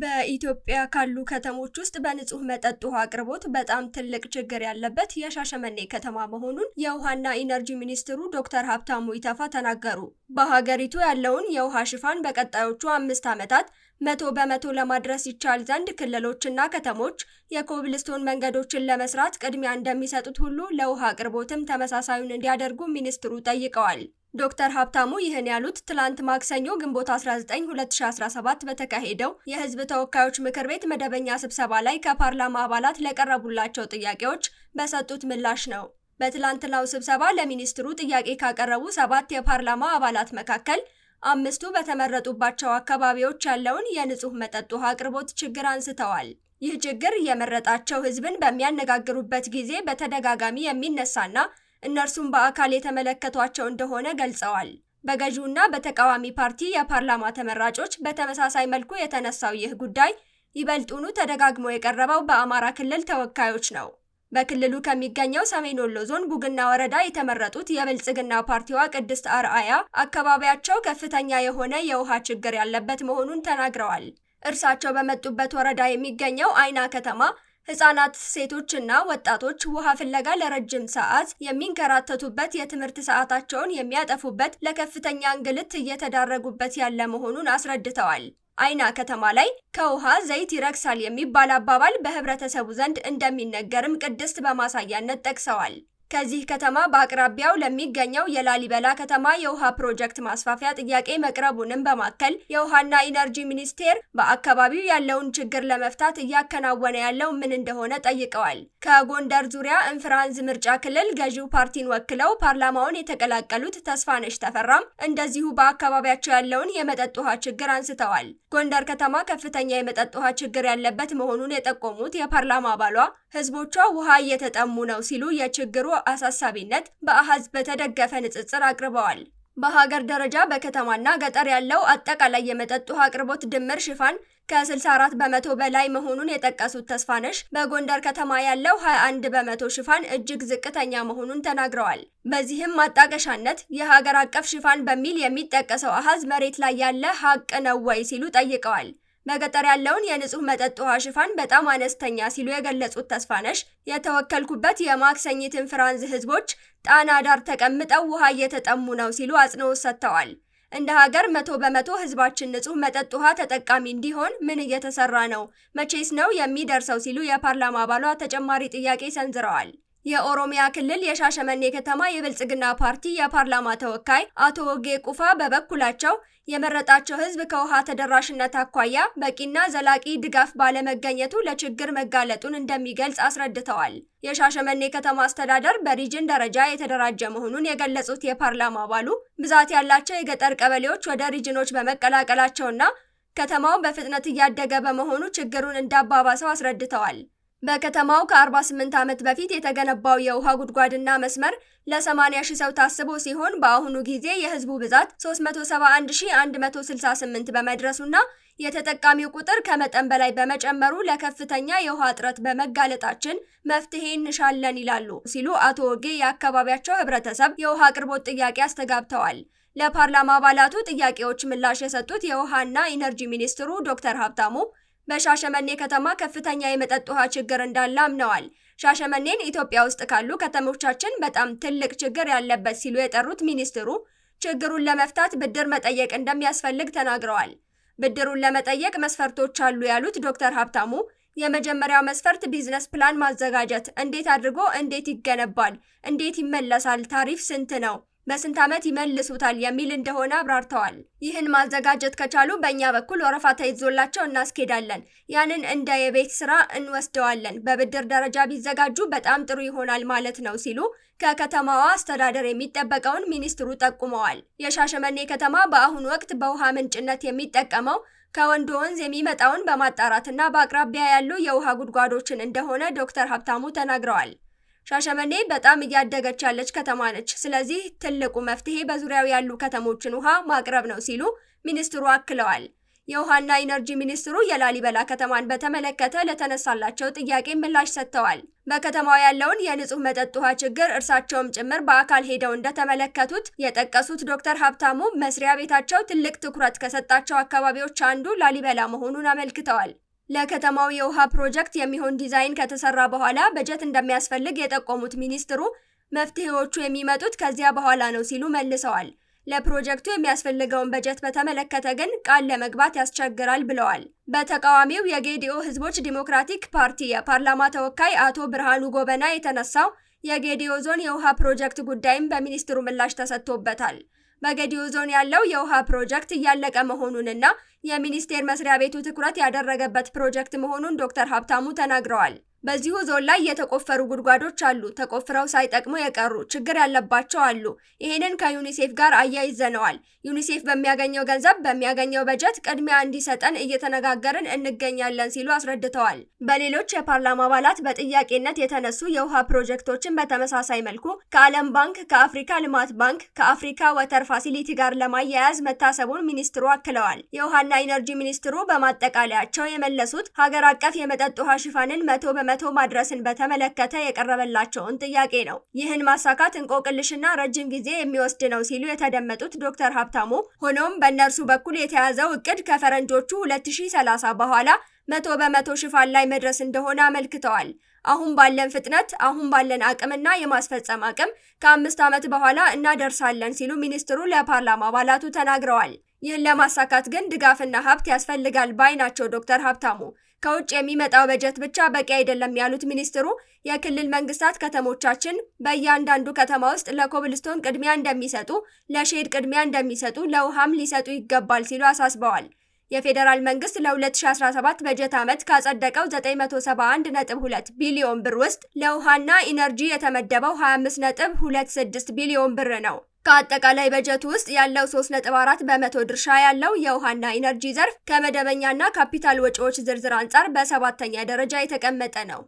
በኢትዮጵያ ካሉ ከተሞች ውስጥ በንጹህ መጠጥ ውሃ አቅርቦት በጣም ትልቅ ችግር ያለበት የሻሸመኔ ከተማ መሆኑን የውሃና ኢነርጂ ሚኒስትሩ ዶክተር ሀብታሙ ኢተፋ ተናገሩ። በሀገሪቱ ያለውን የውሃ ሽፋን በቀጣዮቹ አምስት ዓመታት መቶ በመቶ ለማድረስ ይቻል ዘንድ ክልሎችና ከተሞች የኮብልስቶን መንገዶችን ለመስራት ቅድሚያ እንደሚሰጡት ሁሉ ለውሃ አቅርቦትም ተመሳሳዩን እንዲያደርጉ ሚኒስትሩ ጠይቀዋል። ዶክተር ሀብታሙ ይህን ያሉት ትላንት ማክሰኞ ግንቦት 19 2017 በተካሄደው የሕዝብ ተወካዮች ምክር ቤት መደበኛ ስብሰባ ላይ ከፓርላማ አባላት ለቀረቡላቸው ጥያቄዎች በሰጡት ምላሽ ነው። በትላንትናው ስብሰባ ለሚኒስትሩ ጥያቄ ካቀረቡ ሰባት የፓርላማ አባላት መካከል አምስቱ በተመረጡባቸው አካባቢዎች ያለውን የንጹህ መጠጥ ውሃ አቅርቦት ችግር አንስተዋል። ይህ ችግር የመረጣቸው ሕዝብን በሚያነጋግሩበት ጊዜ በተደጋጋሚ የሚነሳና እነርሱም በአካል የተመለከቷቸው እንደሆነ ገልጸዋል። በገዢውና በተቃዋሚ ፓርቲ የፓርላማ ተመራጮች በተመሳሳይ መልኩ የተነሳው ይህ ጉዳይ ይበልጡኑ ተደጋግሞ የቀረበው በአማራ ክልል ተወካዮች ነው። በክልሉ ከሚገኘው ሰሜን ወሎ ዞን ቡግና ወረዳ የተመረጡት የብልጽግና ፓርቲዋ ቅድስት አርአያ አካባቢያቸው ከፍተኛ የሆነ የውሃ ችግር ያለበት መሆኑን ተናግረዋል። እርሳቸው በመጡበት ወረዳ የሚገኘው አይና ከተማ ህጻናት፣ ሴቶችና ወጣቶች ውሃ ፍለጋ ለረጅም ሰዓት የሚንከራተቱበት የትምህርት ሰዓታቸውን የሚያጠፉበት ለከፍተኛ እንግልት እየተዳረጉበት ያለ መሆኑን አስረድተዋል። አይና ከተማ ላይ ከውሃ ዘይት ይረክሳል የሚባል አባባል በህብረተሰቡ ዘንድ እንደሚነገርም ቅድስት በማሳያነት ጠቅሰዋል። ከዚህ ከተማ በአቅራቢያው ለሚገኘው የላሊበላ ከተማ የውሃ ፕሮጀክት ማስፋፊያ ጥያቄ መቅረቡንም በማከል የውሃና ኢነርጂ ሚኒስቴር በአካባቢው ያለውን ችግር ለመፍታት እያከናወነ ያለው ምን እንደሆነ ጠይቀዋል። ከጎንደር ዙሪያ እንፍራንዝ ምርጫ ክልል ገዢው ፓርቲን ወክለው ፓርላማውን የተቀላቀሉት ተስፋነሽ ተፈራም እንደዚሁ በአካባቢያቸው ያለውን የመጠጥ ውሃ ችግር አንስተዋል። ጎንደር ከተማ ከፍተኛ የመጠጥ ውሃ ችግር ያለበት መሆኑን የጠቆሙት የፓርላማ አባሏ ህዝቦቿ ውሃ እየተጠሙ ነው ሲሉ የችግሩ አሳሳቢነት በአሃዝ በተደገፈ ንጽጽር አቅርበዋል። በሀገር ደረጃ በከተማና ገጠር ያለው አጠቃላይ የመጠጥ ውሃ አቅርቦት ድምር ሽፋን ከ64 በመቶ በላይ መሆኑን የጠቀሱት ተስፋነሽ በጎንደር ከተማ ያለው 21 በመቶ ሽፋን እጅግ ዝቅተኛ መሆኑን ተናግረዋል። በዚህም ማጣቀሻነት የሀገር አቀፍ ሽፋን በሚል የሚጠቀሰው አሃዝ መሬት ላይ ያለ ሀቅ ነው ወይ ሲሉ ጠይቀዋል። መገጠር ያለውን የንጹህ መጠጥ ውሃ ሽፋን በጣም አነስተኛ ሲሉ የገለጹት ተስፋነሽ የተወከልኩበት የማክሰኝትን ፍራንዝ ህዝቦች ጣና ዳር ተቀምጠው ውሃ እየተጠሙ ነው ሲሉ አጽንኦት ሰጥተዋል። እንደ ሀገር መቶ በመቶ ህዝባችን ንጹህ መጠጥ ውሃ ተጠቃሚ እንዲሆን ምን እየተሰራ ነው? መቼስ ነው የሚደርሰው? ሲሉ የፓርላማ አባሏ ተጨማሪ ጥያቄ ሰንዝረዋል። የኦሮሚያ ክልል የሻሸመኔ ከተማ የብልጽግና ፓርቲ የፓርላማ ተወካይ አቶ ወጌ ቁፋ በበኩላቸው የመረጣቸው ሕዝብ ከውሃ ተደራሽነት አኳያ በቂና ዘላቂ ድጋፍ ባለመገኘቱ ለችግር መጋለጡን እንደሚገልጽ አስረድተዋል። የሻሸመኔ ከተማ አስተዳደር በሪጅን ደረጃ የተደራጀ መሆኑን የገለጹት የፓርላማ አባሉ ብዛት ያላቸው የገጠር ቀበሌዎች ወደ ሪጅኖች በመቀላቀላቸውና ከተማው በፍጥነት እያደገ በመሆኑ ችግሩን እንዳባባሰው አስረድተዋል። በከተማው ከ48 ዓመት በፊት የተገነባው የውሃ ጉድጓድና መስመር ለ80 ሺህ ሰው ታስቦ ሲሆን በአሁኑ ጊዜ የህዝቡ ብዛት 371168 በመድረሱና የተጠቃሚው ቁጥር ከመጠን በላይ በመጨመሩ ለከፍተኛ የውሃ እጥረት በመጋለጣችን መፍትሄ እንሻለን ይላሉ ሲሉ አቶ ወጌ የአካባቢያቸው ህብረተሰብ የውሃ አቅርቦት ጥያቄ አስተጋብተዋል። ለፓርላማ አባላቱ ጥያቄዎች ምላሽ የሰጡት የውሃና ኢነርጂ ሚኒስትሩ ዶክተር ሀብታሙ በሻሸመኔ ከተማ ከፍተኛ የመጠጥ ውሃ ችግር እንዳለ አምነዋል። ሻሸመኔን ኢትዮጵያ ውስጥ ካሉ ከተሞቻችን በጣም ትልቅ ችግር ያለበት ሲሉ የጠሩት ሚኒስትሩ ችግሩን ለመፍታት ብድር መጠየቅ እንደሚያስፈልግ ተናግረዋል። ብድሩን ለመጠየቅ መስፈርቶች አሉ ያሉት ዶክተር ሀብታሙ የመጀመሪያው መስፈርት ቢዝነስ ፕላን ማዘጋጀት፣ እንዴት አድርጎ እንዴት ይገነባል፣ እንዴት ይመለሳል፣ ታሪፍ ስንት ነው፣ በስንት ዓመት ይመልሱታል የሚል እንደሆነ አብራርተዋል። ይህን ማዘጋጀት ከቻሉ በእኛ በኩል ወረፋ ተይዞላቸው እናስኬዳለን። ያንን እንደ የቤት ስራ እንወስደዋለን። በብድር ደረጃ ቢዘጋጁ በጣም ጥሩ ይሆናል ማለት ነው ሲሉ ከከተማዋ አስተዳደር የሚጠበቀውን ሚኒስትሩ ጠቁመዋል። የሻሸመኔ ከተማ በአሁኑ ወቅት በውሃ ምንጭነት የሚጠቀመው ከወንዶ ወንዝ የሚመጣውን በማጣራትና በአቅራቢያ ያሉ የውሃ ጉድጓዶችን እንደሆነ ዶክተር ሀብታሙ ተናግረዋል። ሻሸመኔ በጣም እያደገች ያለች ከተማ ነች። ስለዚህ ትልቁ መፍትሄ በዙሪያው ያሉ ከተሞችን ውሃ ማቅረብ ነው ሲሉ ሚኒስትሩ አክለዋል። የውሃና ኢነርጂ ሚኒስትሩ የላሊበላ ከተማን በተመለከተ ለተነሳላቸው ጥያቄ ምላሽ ሰጥተዋል። በከተማው ያለውን የንጹህ መጠጥ ውሃ ችግር እርሳቸውም ጭምር በአካል ሄደው እንደተመለከቱት የጠቀሱት ዶክተር ሀብታሙ መስሪያ ቤታቸው ትልቅ ትኩረት ከሰጣቸው አካባቢዎች አንዱ ላሊበላ መሆኑን አመልክተዋል። ለከተማው የውሃ ፕሮጀክት የሚሆን ዲዛይን ከተሰራ በኋላ በጀት እንደሚያስፈልግ የጠቆሙት ሚኒስትሩ መፍትሄዎቹ የሚመጡት ከዚያ በኋላ ነው ሲሉ መልሰዋል። ለፕሮጀክቱ የሚያስፈልገውን በጀት በተመለከተ ግን ቃል ለመግባት ያስቸግራል ብለዋል። በተቃዋሚው የጌዲኦ ህዝቦች ዲሞክራቲክ ፓርቲ የፓርላማ ተወካይ አቶ ብርሃኑ ጎበና የተነሳው የጌዲኦ ዞን የውሃ ፕሮጀክት ጉዳይም በሚኒስትሩ ምላሽ ተሰጥቶበታል። በጌዲዮ ዞን ያለው የውሃ ፕሮጀክት እያለቀ መሆኑንና የሚኒስቴር መስሪያ ቤቱ ትኩረት ያደረገበት ፕሮጀክት መሆኑን ዶክተር ሀብታሙ ተናግረዋል። በዚሁ ዞን ላይ የተቆፈሩ ጉድጓዶች አሉ፣ ተቆፍረው ሳይጠቅሙ የቀሩ ችግር ያለባቸው አሉ። ይህንን ከዩኒሴፍ ጋር አያይዘነዋል። ዩኒሴፍ በሚያገኘው ገንዘብ በሚያገኘው በጀት ቅድሚያ እንዲሰጠን እየተነጋገርን እንገኛለን ሲሉ አስረድተዋል። በሌሎች የፓርላማ አባላት በጥያቄነት የተነሱ የውሃ ፕሮጀክቶችን በተመሳሳይ መልኩ ከዓለም ባንክ፣ ከአፍሪካ ልማት ባንክ፣ ከአፍሪካ ወተር ፋሲሊቲ ጋር ለማያያዝ መታሰቡን ሚኒስትሩ አክለዋል። የውሃና ኢነርጂ ሚኒስትሩ በማጠቃለያቸው የመለሱት ሀገር አቀፍ የመጠጥ ውሃ ሽፋንን መቶ በመ በመቶ ማድረስን በተመለከተ የቀረበላቸውን ጥያቄ ነው። ይህን ማሳካት እንቆቅልሽና ረጅም ጊዜ የሚወስድ ነው ሲሉ የተደመጡት ዶክተር ሀብታሙ ሆኖም በእነርሱ በኩል የተያዘው እቅድ ከፈረንጆቹ 2030 በኋላ መቶ በመቶ ሽፋን ላይ መድረስ እንደሆነ አመልክተዋል። አሁን ባለን ፍጥነት አሁን ባለን አቅምና የማስፈጸም አቅም ከአምስት ዓመት በኋላ እናደርሳለን ሲሉ ሚኒስትሩ ለፓርላማ አባላቱ ተናግረዋል። ይህን ለማሳካት ግን ድጋፍና ሀብት ያስፈልጋል ባይ ናቸው ዶክተር ሀብታሙ ከውጭ የሚመጣው በጀት ብቻ በቂ አይደለም ያሉት ሚኒስትሩ የክልል መንግስታት ከተሞቻችን በእያንዳንዱ ከተማ ውስጥ ለኮብልስቶን ቅድሚያ እንደሚሰጡ፣ ለሼድ ቅድሚያ እንደሚሰጡ፣ ለውሃም ሊሰጡ ይገባል ሲሉ አሳስበዋል። የፌዴራል መንግስት ለ2017 በጀት ዓመት ካጸደቀው 971.2 ቢሊዮን ብር ውስጥ ለውሃና ኢነርጂ የተመደበው 25.26 ቢሊዮን ብር ነው። ከአጠቃላይ በጀት ውስጥ ያለው 3.4 በመቶ ድርሻ ያለው የውሃና ኢነርጂ ዘርፍ ከመደበኛና ካፒታል ወጪዎች ዝርዝር አንጻር በሰባተኛ ደረጃ የተቀመጠ ነው።